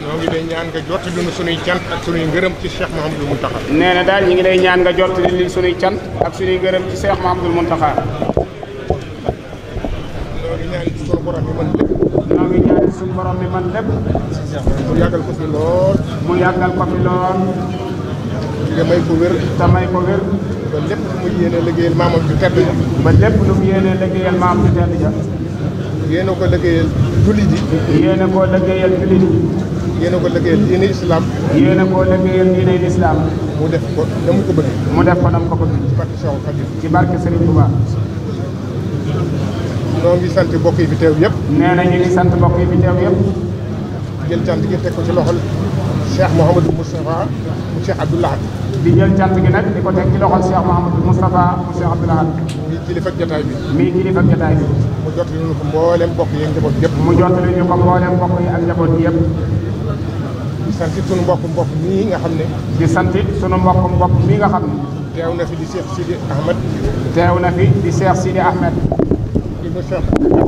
ñoo ngi lay ñaan jot lu sunuy cant ak sunuy ngërëm ci Cheikh Mahamadul Muntaxa. nee na daal ñu ngi lay ñaan nga jot li sunuy cant ak sunuy ngërëm ci Cheikh Mahamadul Muntaxa. loolu suñ borom mi man lépp. mu yàggal ko fi lool. mu yàggal ko fi lool. te may ko wér. te may ko wér. ba lépp lu mu yéene liggéeyal maamam ju tedd ja. ba lépp lu mu yéene liggéeyal maamam ju tedd ja. yéene ko liggéeyal julli ji. yéene koo liggéeyal julli ji. yéene ko liggéeyal diine islam. yéene koo liggéeyal diine islam. mu def ko dama ko bëgg. mu def ko dama ko bëgg. ci barke Cheikh Khadim. ci barke Serigne Touba. ñoo ngi sant mbokk yi fi teew yëpp. nee na ñu ngi sant mbokk yi fi teew yëpp. jël cant gi teg ko ci loxol Cheikh Mouhamadou Moustapha mu Cheikh Abdoul Ahad. di gi nag di ko teg ci mu Cheikh Abdoul Ahad. muy kilifa jotaay bi. muy kilifa jotaay bi. mu jot leen ko mboolem mbokk yi ak njaboot yëpp. mu jot leen ñu ko mboolem mbokk yi sunu mbokk mbokk mii nga xam ne. di sant sunu mbokk mbokk mii nga xam ne. teew na fi di Cheikh na fi di Cheikh Sidi Ahmed. ibnu Cheikh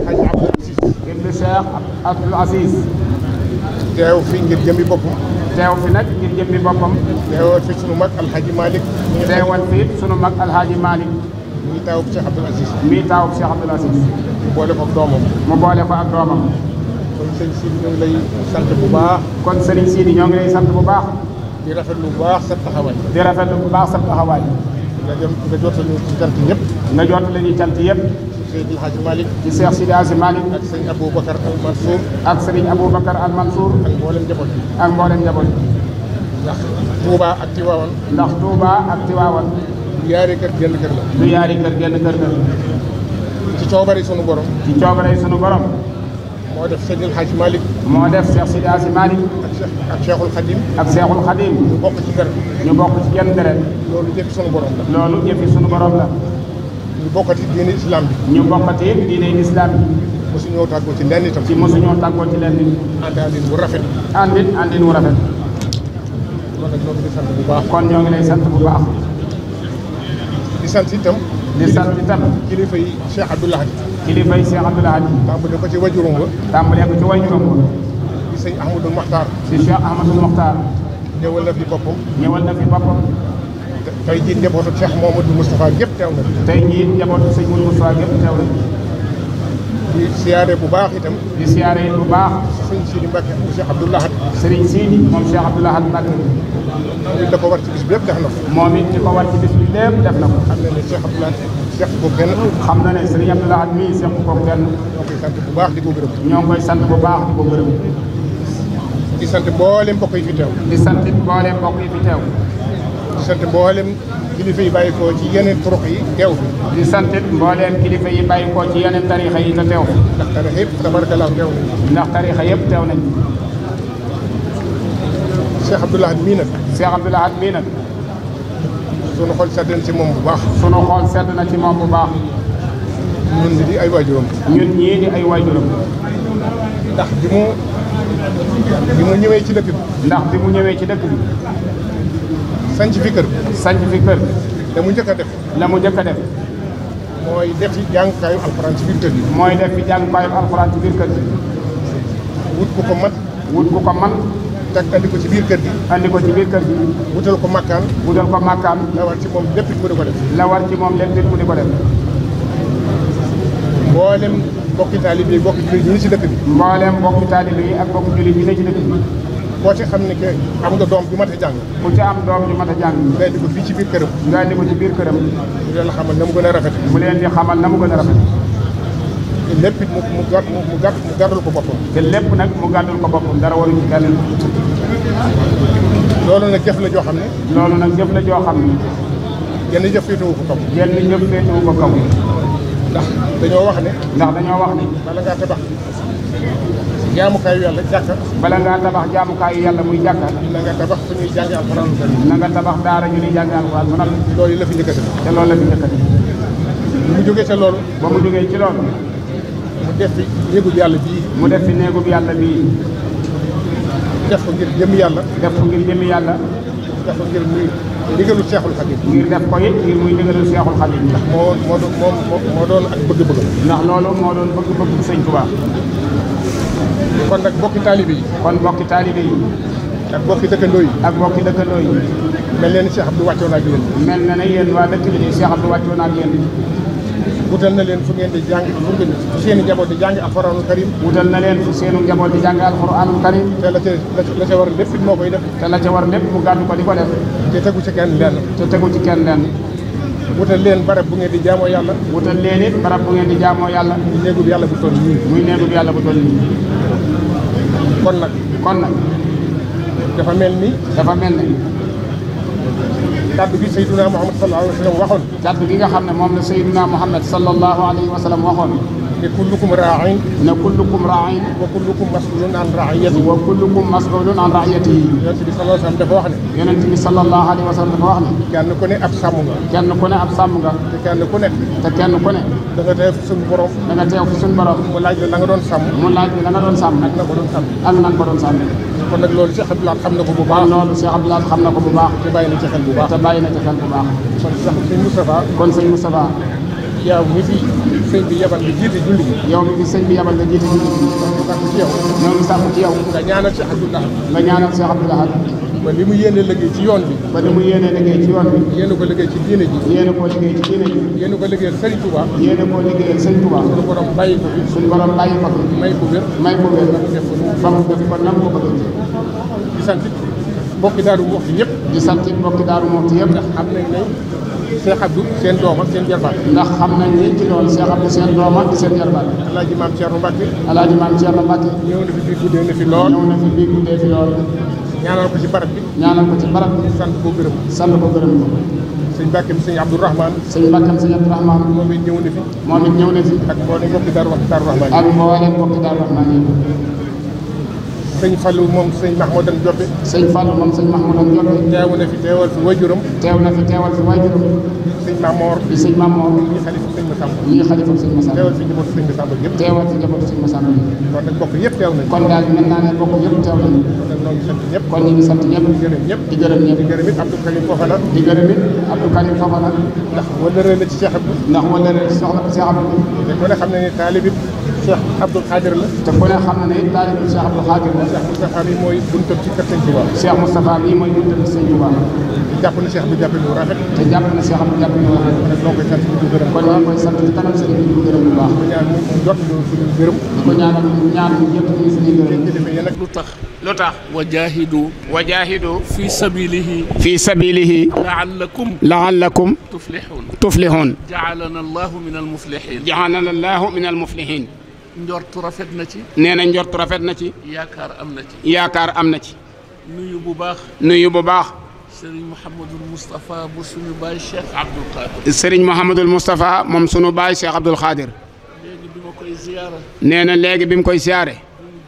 Alxaj Abdul Aziz ibnu Cheikh Abdul Aziz teew fi ngir jëmmi boppam teew fi nag ngir jëmmi boppam teewal fi sunu mag alxaaji Malick teewal fi sunu mag alxaaji Malick mii taawub Cheikh Abdul Aziz mii taawub Cheikh Abdul Aziz mu boole ko ak doomam mu boole ko ak doomam kon sëriñ Sidi ñoo ngi lay sant bu baax kon sëriñ Sidi ñoo ngi lay sant bu baax di rafetlu bu baax sa taxawaay di rafetlu bu baax sa taxawaay nga jot nga jottali ñu ci cant yëpp nga jottali ñu cant yëpp Seydil Hadji Malick ci Cheikh Sidi Hadji Malick ak sëñ Aboubacar Al Mansour ak sëriñ Aboubacar Al Mansour ak mboolem njaboot ak mboolem njaboot ndax Touba ak Tiwaawan ndax Touba ak Tiwaawan du yaari kër genn kër la du yaari kër genn kër la ci coobare sunu borom ci coobare sunu borom moo def Seydil Hadji Malick moo def Cheikh Sidi Hadji Malick ak Cheikhul Khadim ak Cheikhul Khadim ñu bokk ci kër ñu bokk ci genn deret loolu jëfi sunu borom la loolu jëfi sunu borom la ñu bokkati diine islam bi. ñu bokkati diine islam bi. mosu ñoo tàggoo ci lenn itam. ci mosu ñoo tàggoo ci lenn. ànd àndin wu rafet. àndin àndin wu rafet. kon nag ñoo ngi lay sant bu baax. kon ñoo ngi sant bu baax. di sant itam. di sant itam. kilifa yi Cheikh Abdoul Ahad. kilifa yi Cheikh Abdoul Ahad. tàmbalee ko ci wajuróom ba. tàmbalee ko ci wajuróom ba. di si Cheikh Ahmadou Mokhtar. ñëwal na fi boppam. ñëwal na fi boppam. tey jii njabootu Cheikh Mouhamadou Moustapha gépp teew na. tey jii njabootu sëñ Moudou Moustapha gépp teew na. di siyaare bu baax itam. di siyaare bu baax. sëñ Sidi Mbacke mu Cheikh Abdoul Ahad. sëriñ Sidi moom Cheikh Abdoul Ahad Mbacke. moom it da ko war ci bis bi lépp def na ko. moom it di ko war ci bis bi lépp def na ko. xam na ne Cheikh Abdoul Ahad Cheikh ko kenn. xam na ne sëriñ Abdoul Ahad mii Cheikh ko kenn. ñoo koy sant bu baax di ko gërëm. ñoo ngi koy sant bu baax di ko gërëm. di sant mboolem mbokk yi fi teew. di sant mboolem mbokk yi fi teew. sant mboolem kilifa yi bàyyi koo ci yeneen turuq yi teew fi. di sant mbooleem kilifa yi bàyyi koo ci yeneen tarixa yi te teew. ndax tarixa yëpp tabarkalaaw teew nañ. ndax tarixa yëpp teew nañ. Cheikh Abdoul Ahad mii nag. Cheikh mii nag. sunu xol sedd ci moom bu baax. sunu xol sedd ci moom bu baax. ñun di ay waajuram. ñun ñii di ay waajuram. ndax bi mu ñëwee ci dëkk bi. ndax bi mu ñëwee ci dëkk bi. sanc fi kër sanc fi kër la mu njëkk a def la mu njëkk a def mooy def fi jàngukaayu alxuraan ci biir kër gi mooy def fi jàngukaayu alxuraan ci biir kër wut ku ko man wut ku ko man tak andi ko ci biir kër gi ko ci biir kër gi ko makkaan wutal ko makkaan la war ci moom lépp it di ko def la war ci moom lépp it di ko def mboolem bokki taalib yi bokki jullit ci dëkk bi mboolem bokki taalib yi ak bokki jullit ci dëkk bi koo ci xam ne que am nga doom ju mat a jàng ku ci am doom ju mat a jàng nga indi ko fii ci biir këram nga indi ko ci biir këram mu leen xamal na mu gën a rafet mu leen di xamal na mu gën a rafet lépp it mu mu gàtt mu gàtt mu gàddul ko boppam te lépp nag mu gàddul ko boppam dara waru ci kenn loolu nag jëf la joo xam ne loolu nag jëf la joo xam ne genn jëf féetewu ko kaw genn jëf féetewu ko kaw ndax dañoo wax ne ndax dañoo wax ne bala ngaa tabax jaamukaayu yàlla jàkka bala ngaa tabax jaamukaayu yàlla muy jàkka na nga tabax fu ñuy jànge alxuraan na nga tabax daara ñu ñuy jànge alxuraan mu nag loolu la fi njëkkati te loolu la fi njëkkati bu mu jógee ca loolu ba mu jógee ci loolu mu def fi néegub yàlla bii mu def fi néegub yàlla bii def ko ngir jëm yàlla def ko ngir yàlla def ko ngir muy ndigalu seexul xadim ngir def ko it ngir muy ndigalu moo moo moo doon ak bëgg-bëgg ndax loolu moo doon bëgg-bëgg sëñ Tuubaa kon nag bokki taalibe yi kon bokki taalibe yi ak bokki dëkkandoo yi ak bokki dëkkandoo yi mel na ne Cheikh Abdou wàccoon ak yéen mel na ne waa dëkk bi de Cheikh Abdou wàccoon ak yéen wutal na leen fu ngeen di jàng fu ngeen fu seen i njaboot di jàng alxuraanul karim wutal na leen fu seenu njaboot di jàng alxuraanul karim te la ca la ca war lépp it moo koy def te la ca war lépp mu gàddu ko di ko def te tegu ci kenn lenn te tegu ci kenn lenn wutal leen barab bu ngeen di jaamoo yàlla wutal leen it barab bu ngeen di jaamoo yàlla muy néegub yàlla bu toll nii muy néegub yàlla bu toll nii kon nag kon nag dafa mel ni dafa mel ni kaddu gi Seydina Muhammad waxoon kaddu gi nga xam ne moom la Seydina Muhammad sallallahu alayhi wa sallam waxoon ne kullukum raain ne kullukum raain wa kullukum masulun an raiyati wa kullukum masulun an raiyati yonent bi sallallahu alayhi wa sallam dafa wax ne yonent bi sallallahu alayhi wa sallam dafa wax ne kenn ku ne ab sàmm nga kenn ku ne ab sàmm nga te kenn ku ne te kenn ku ne da nga teew fi suñu borom da nga teew fi suñu borom mu laaj la la nga doon sàmm mu laaj la la nga doon sàmm ak na ko doon sàmm ak na ko doon sàmm kon nag loolu Cheikh Abdoulaye xam na ko bu baax loolu Cheikh Abdoulaye xam na ko bu baax te bàyyi na ci xel bu baax te bàyyi na ci xel bu baax kon Cheikh sëñ Moustapha kon sëñ Moustapha yow mi fii sëñ bi yabal nga jiite julli gi yow mi fi sëñ bi yabal nga jiite julli gi ñu sàkk ci yow ñoo ngi sàkk ci yow nga ñaanal Cheikh Abdou Lahad nga ñaanal Cheikh Abdou Lahad ba li mu yéene liggéey ci yoon bi ba li mu yéene liggéey ci yoon bi yéene ko liggéey ci diine ji yéene ko liggéey ci diine ji yéene ko liggéeyal sëñ Touba yéene ko liggéeyal sëñ Touba suñu borom bàyyi ko fi suñu borom bàyyi ko fi may ko wér may ko wér ba mu def ko nam ko bëgg di sant mbokki daaru mu wax yëpp di sant mbokki daaru mu wax yëpp ndax xam nañ ne Cheikh Abdou seen doom ak seen jarbaat ndax xam nañ ni ci loolu Cheikh Abdou seen doom ak seen jarbaat alaaji maam Thierno Mbacke alaaji maam Thierno Mbacke ñëw na fi bii guddee na fi lool ñëw na fi bii guddee fi lool ñaanal ko ci barab bi ñaanal ko ci barab bi sant ko gërëm sant ko gërëm ko sëñ Mbacke sëñ Abdou Rahman sëñ Mbacke sëñ Abdou Rahman moom it ñëw na fi moom it ñëw na fi ak moo ne mbokki Darou Rahman ak moo ne mbokki Darou Rahman yi sëñ Fallou moom sëñ Mahmoudan Jobe sëñ Fallou moom sëñ Mahmoudan Jobe teew na fi teewal fi waajuram teew na fi teewal fi waajuram sëñ Mamor di sëñ Mamor ñii xalifa sëñ Masamba ñii xalifa sëñ Masamba teewal fi njabootu sëñ Masamba yëpp teewal fi njabootu sëñ Masamba yëpp kon nag bokk yëpp teew nañ kon daal mën naa ne bokk yëpp teew nañ kon nag ñoo ngi sant ñëpp kon ñu ngi sant ñëpp di gërëm ñëpp di gërëm ñëpp di gërëm it Abdou Karim Fofana di gërëm it Abdou Karim Fofana ndax wala rëy na ci Cheikh Abdou ndax wala rëy ci soxna Cheikh Abdou te ku ne xam ne ni taalib it Cheikh Abdoul Khadir la. te ku ne xam na ne taalibu Cheikh Abdoul Khadir la. Cheikh Moustapha mii mooy buntam ci kër Sëñ Tuubaa. Cheikh Moustapha mii mooy buntam ci Sëñ Tuubaa. jàpp na Cheikh bi jàpp na lu rafet. te jàpp na Cheikh bi jàpp na lu rafet. kon nag ñoo ngi koy sant di ko gërëm. kon ñoo ngi koy sant di kanam sëriñ bi di ko gërëm bu baax. di ko ñaan jot suñu gërëm. di ko ñaanal ñaan ñëpp ñu suñu gërëm. kilifa yi nag lu tax. lu tax. wajaahidu. wajaahidu. fii sabilihi. fii sabilihi. laallakum. laallakum. tuflihun. tuflihun. jaalana allahu min almuflihin. jaalana allahu min almuflihin. njortu rafet na ci. nee na njortu rafet na ci. yaakaar am na ci. yaakaar am na ci. nuyu bu baax. nuyu bu baax. Serigne Mouhamadul Moustapha bu suñu moom suñu baay Cheikh Abdoul Khadir. léegi bi na léegi bi mu koy ziyaare.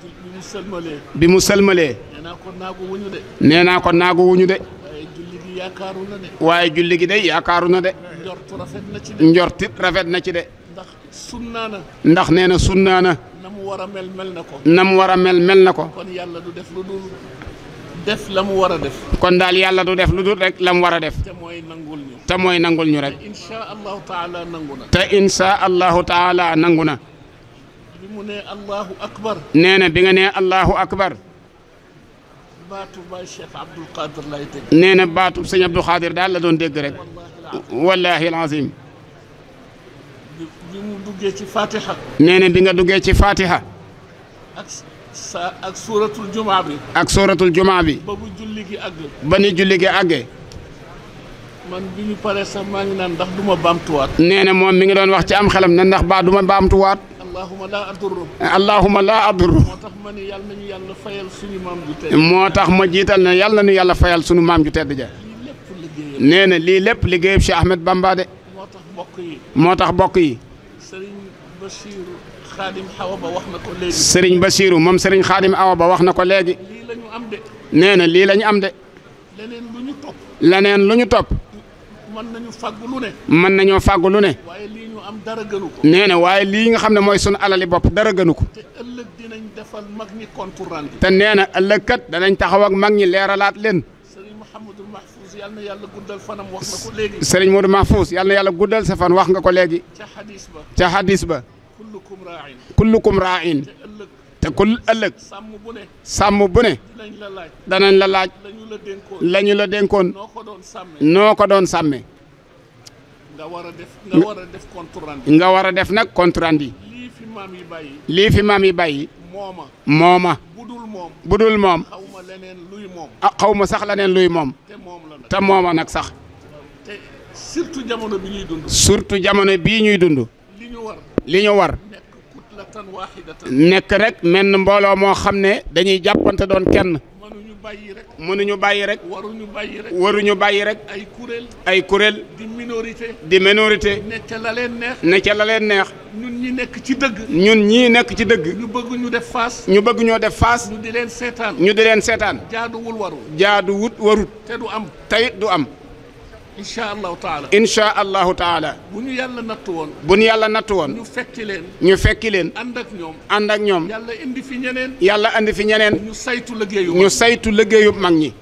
bi mu sëlmalee. bi mu sëlmalee. naa ko naagu wuñu de. nee ko naagu wuñu de. waaye julli gi yaakaaru na de. waaye julli yaakaaru na de. njortu rafet na ci de. sunnaana. ndax nee na sunnaana. na mu war a mel mel na ko. na mu war a mel mel na ko. kon yàlla du def lu dul def la mu war a def. kon daal yàlla du def lu dul rek la mu war a def. te mooy nangul ñu. te mooy nangul ñu rek. te insha allahu taala nangu na. te insha allahu taala nangu na. bi mu nee Allahu akbar. nee na bi nga nee Allahu akbar. baatu baay Cheikh Abdoul Khadir lay dégg. nee na baatu sëñ Abdoul Khadir daal la doon dégg rek. wallaahi alazim ñu duggee ci fatiha. nee na bi nga duggee ci fatiha. ak sa ak suuratul jumaa bi. ak suuratul jumaa bi. ba bu julli gi àgg. ba ni julli gi àggee. moom mi ngi doon wax ci am xelam ne ndax baa du ma baamtuwaat. allahuma laa adurru. allahuma laa adurru. moo tax ma ne yàlla yàlla fayal suñu jiital ne yàlla yàlla fayal sunu maam ju tedd ja. nee lii lépp liggéeyam Cheikh Ahmed Bamba de. moo tax bokk moo tax bokk yi. sëriñ basiiru Xaadim Awa Ba wax na moom sëriñ Xaadim Awa Ba wax na ko léegi. lii na lii lañu am de. leneen lu ñu topp. leneen lu ñu topp. mën nañu fàggu lu ne. mën nañoo fàggu ne. waaye lii ñu nee na waaye lii nga xam ne mooy sunu alali bopp dara gënu ko. te ëllëg dinañ defal mag ñi konkuraan bi. te nee na ëllëg kat danañ taxaw ak mag ñi leeralaat leen. yal na yàlla guddal fanam wax na ko léegi. Serigne Modou Mahfous yal na yàlla guddal sa fan wax nga ko léegi. ca xadis ba ca xadis ba. kullukum raa'in. kullukum raa'in. te kul ëllëg. sàmm bu ne. bu ne. danañ la laaj. danañ la laaj. lañu la dénkoon. lañu la dénkoon. noo ko doon sàmmee. noo ko doon sàmmee. nga war a def nga def compte rendu. nga a def nag compte rendu. lii yi bàyyi. yi mooma mooma budul moom budul moom xaw ma leneen luy moom ah xaw ma sax leneen luy moom te mooma nag sax te surtout jamono bi ñuy dund bii ñuy dund li ñu war nekk rek menn mbooloo moo xam ne dañuy jàppante doon kenn bàyyi rek. mënuñu bàyyi rek. waruñu bàyyi rek. waruñu bàyyi rek. ay kuréel. ay kuréel. di minorité. di minorité. ne la leen neex. ne ca la leen neex. ñun ñi nekk ci dëgg. ñun ñii nekk ci dëgg. ñu bëgg ñu def face. ñu bëgguñoo def face. di leen seetaan. ñu di leen seetaan. jaaduwul warul. jaaduwut warut. te du am. tey du am. incha allahu taala incha allahu taala. bu ñu yàlla nattu woon. bu ñu yàlla nattu woon. ñu fekki leen. ñu fekki leen. ànd ak ñoom. ñoom. yàlla indi fi ñeneen. yàlla indi fi ñeneen. ñu saytu liggéeyu. ñu saytu liggéeyu mag ñi.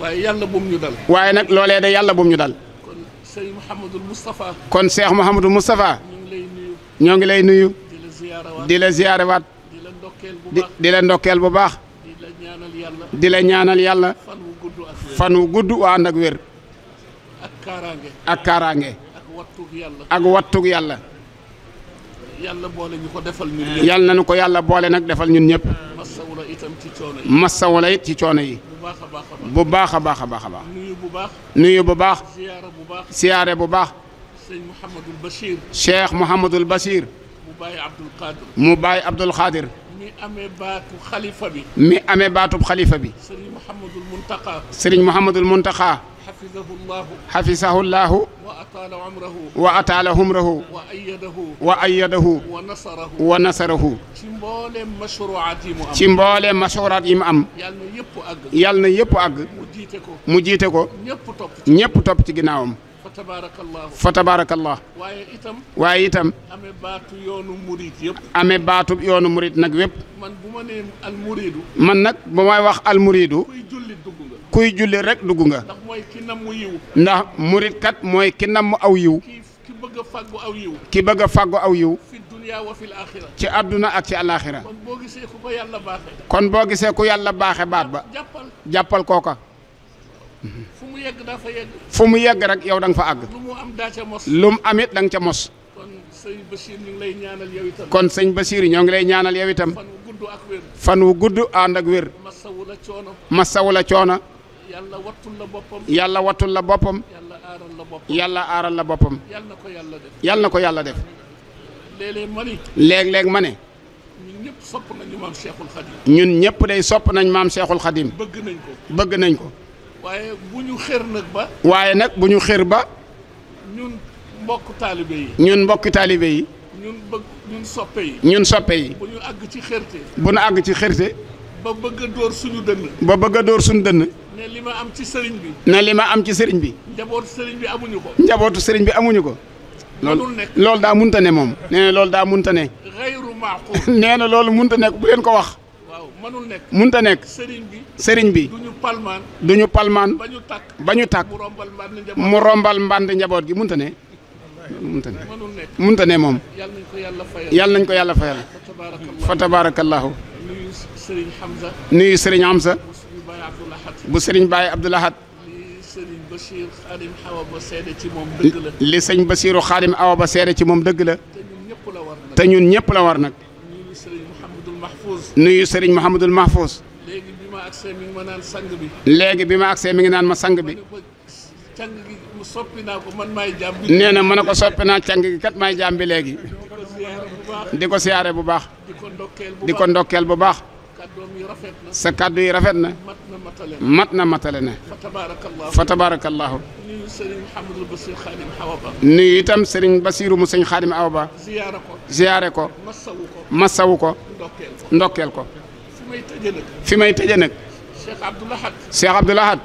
waaye yàlla bum waaye nag loolee de yàlla bum ñu dal. kon Cheikh Mouhamadul Moustapha. kon Cheikh Mouhamadul Moustapha. ñoo ngi lay nuyu. ñoo ngi lay nuyu. di la ziyaarewaat di la ndokkeel bu baax di la ñaanal yàlla. fan wu gudd waa ànd ak wér. ak kaaraange. ak kaaraange. yàlla. yàlla. boole ñu ko defal ñun ñëpp. yàlla nañu ko yàlla boole nag defal ñun ñëpp. masawu itam ci coono yi. masawu ci coono yi. bu baax a baax a baax a baax. nuyu bu baax. nuyu bu baax. siyaare bu baax. siyaare bu baax. mu bàyyi Abdoul Khadir. bàyyi Abdoul Khadir. mi amee baatu xalifa bi. mi amee baatub xalifa bi. Serigne Mouhamadul Mountakha. Serigne Mouhamadul Mountakha. xafisahullahu. xafisahullahu. wa ataala umrahu. wa ataala wa nasarahu. ci mbooleem mashruucaat yi mu am. ci mbooleem mashruucaat yi am. yal na yëpp àgg. jiite ko. mu jiite ko. ñëpp topp ci. ñëpp ci ginnaawam. fa tabaarakallah waaye itam waaye itam amee baatu yoonu murit yëpp amee baatu yoonu murit nag yëpp man bu ma nee man nag bu may wax al muridu kuy julli dugg rek dugg nga ndax mooy ki kat mooy ki namm aw yiw ki bëgg a fàggu aw yiw ki bëgg a fàggu aw yiw ci àdduna ak ci alaaxira kon boo gisee ku yàlla baaxe baat ba jàppal kooka fu mu yegg daa fa yegg. fu mu yegg rek yow da fa àgg. lu mu am daa ca mos. lu mu amit da nga ca mos. kon sëñ Bachir ñu ngi ñaanal yow itam. ñoo ngi lay ñaanal yow itam. fan wu gudd ak ànd ak wér. masawu la coono. masawu la coono. yàlla wattul la boppam. yàlla yàlla aaral la boppam. yàlla aaral la boppam. yàlla na ko yàlla def. yàlla na ko yàlla def. léeg ma ne. léeg ñun ñëpp sopp nañu maam Cheikhul Khadim. nañ maam bëgg nañ bëgg nañ ko. waaye bu ñu xër nag ba. waaye nag bu ñu xër ba. ñun mbokk taalibe yi. ñun mbokk yi. ñun bëgg ñun soppe yi. ñun soppe yi. bu ñu àgg ci xërte. bu ñu àgg ci xërte. ba bëgg dóor suñu dënn. ba bëgg dóor suñu dënn. ne li ma am ci sëriñ bi. ne li am ci sëriñ bi. njabootu sëriñ bi amuñu ko. njabootu sëriñ bi amuñu ko. loolu loolu daa munta ne moom. nee na loolu daa munta ne. xayru nee na loolu munta nekk bu leen ko wax. mënul nekk mënut nekk. sëriñ bi sëriñ bi. duñu palmaan duñu ba ñu tàkk ba ñu tàkk mu rombal mbànd njaboot gi mënut a ne. munta ne moom. yàlla nañ ko yàlla fayal yàlla nañ ko yàlla fayal. fa tabaarakallaahu nuyu sëriñ Hamza. nuyu sëriñ bu sëriñ Baye Abdoul Ahad. li sëñ Basiiru Xaadim Awa ba seede ci moom dëgg la. te ñun ñëpp la war nag. nuyu Serigne Mouhamadul Mahfouz. léegi bi ma agsee mi ngi ma naan sang bi. léegi bi ma agsee mi ngi naan ma sang bi. càng gi ko man maay bi. na mën na ko soppi naa kat maay jaam bi léegi. di siyaare bu baax. di ndokkeel bu baax. sa kàddu yi rafet na mat na matale na fa tabaarakallaahu nuyu itam sëriñ Basiiru mu sëñ Xaadim Awa Ba ziyaare ko masawu ko ndokkeel ko fi may tëje nag Cheikh Abdoul Ahad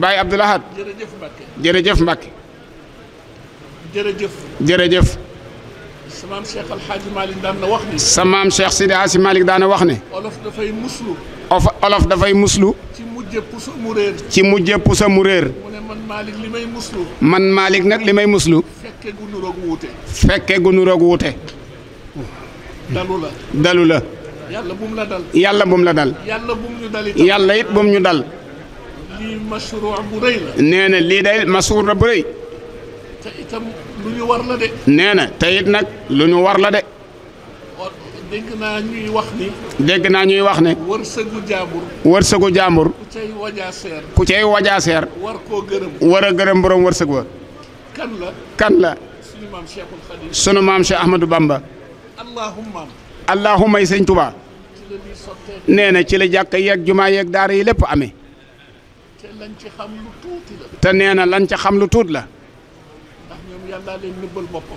Baye Abdoul Ahad jërëjëf Mbàkke jërëjëf Mbàkke jërëjëf samaam Cheikh Al Hadj Malick daan na wax daan wax ne. olof dafay muslu. olof dafay muslu. ci mujjee pusa mu réer. ci mujjee mu ne man Malick li may muslu. man Malick nag li may muslu. fekke gu nuroog wuute. fekke gu nuroog wuute. dalu la. dalu la. yàlla bum la dal. yàlla bum la dal. yàlla bum ñu dal itam. ñu dal. lii masruuc bu la. lii day bu rëy. lu ñu war la de. nee na te nag lu ñu war la de. dégg naa ñuy wax ni. dégg naa ñuy wax ne. wërsëgu jàmbur. wërsëgu jàmbur. ku cay wajaaseer. ku war koo gërëm. war a borom wërsëg wa. kan la. kan la. sunu maam Cheikhul Khadim. sunu Bamba. allahumma. allahumma yi nee na ci la jàkk yeeg jumaa yeeg daara yi lépp ame te lañ ci xam lu tuuti te nee na lañ ca xam lu tuut la.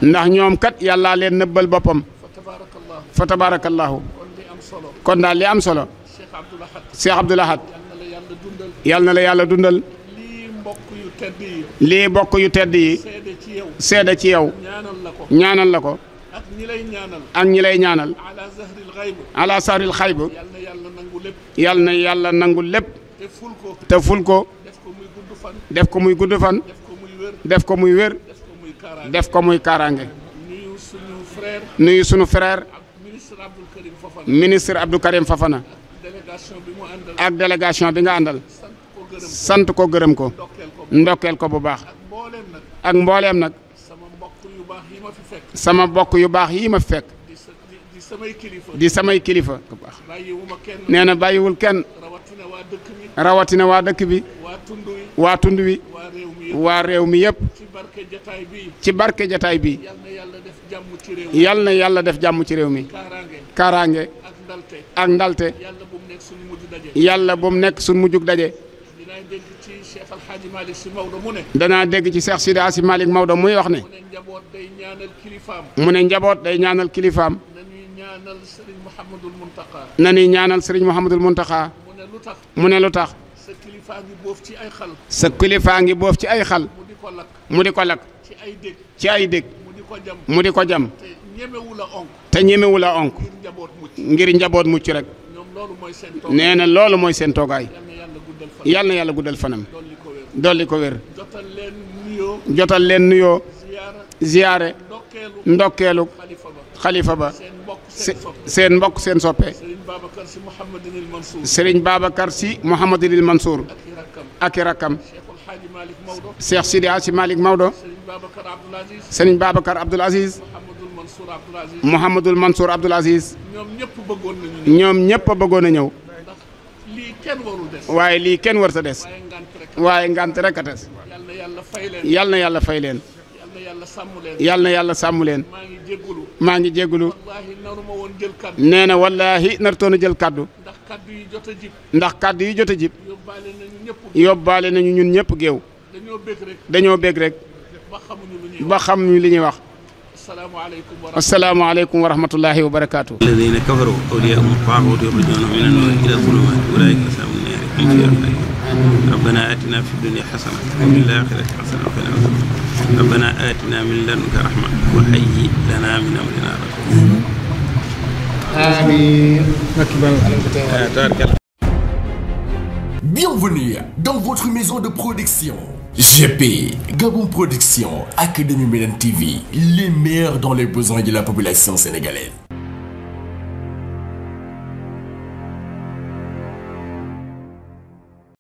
ndax ñoom kat yàllaa leen nëbbal boppam fa tabaarakallaahu kon daal li am solo Cheikh Abdoul Ahad yàlla na la yàlla dundal lii mbokk yu tedd yi seede ci yow ñaanal la ko ak ñi lay ñaanal ak ñi sahril xayb yàlla na yàlla nangu lépp te ful ko def ko muy gudd fan def ko muy wér def ko muy kaaraange nuyu sunu frère nuyu sunu frère ministre Abdou Karim Fafana ak délégation bi nga àndal sant ko gërëm ko ndokkeel ko bu baax ak mbooleem nag sama mbokk yu baax yii ma fi fekk di samay kilifa di samay nee na bàyyiwul kenn rawatina waa dëkk bi waa tund wi waa réew mi yëpp ci barke jataay bi yal na yàlla def jàmm ci réew mi kaaraange ak ndalte yàlla bu mu nekk suñ mujjug daje danaa dégg ci Cheikh Sidi Asi Malick Maodo muy wax ne mu ne njaboot day ñaanal kilifaam na ñuy ñaanal Serigne Mouhamadul Muntaqa mu ne lu tax sa kilifaa ngi boof ci ay xal sa kilifaa ngi boof ci ay xal mu di ko lakk mu di ci ay dég mu di ko jam mu di ko jam te ñemewu onk ngir njaboot mucc rek nee loolu mooy seen toogaay yàlla na yàlla guddal fanam dolli ko wér jotal leen nuyoo ziyaare ndokkeelu xalifa ba seen mbokk seen soppe Serigne Babacar Sy Mouhamadulil Mansour ak i rakkam Cheikh Sidi Asi Malick Maodo Serigne Babacar Abdoul Aziz Mouhamadul Mansour Abdoul Aziz ñoom ñëpp a bëggoon a ñëw waaye lii kenn war sa des waaye ngant rek a des yal na yàlla fay leen. yàlla na yàlla sàmm leen maa ngi jégalu nee na wallaahi nartoon a jël kàddu ndax kaddu yi jot a jib yóbbaale nañu ñun ñëpp géew dañoo bég rek ba xam li ñuy wax asalaamaaleykum wa rahmatullahi wa barakaatu. alladina kafaru awliyaahum taaguut yuxrijuunahum ربنا آتنا في الدنيا حسنة وفي الآخرة حسنة وقنا عذاب النار ربنا آتنا من لدنك رحمة وهيئ لنا من أمرنا رشدا Bienvenue dans votre maison de production. GP, Gabon Production, Académie Médine TV, les meilleurs dans les besoins de la population sénégalaise.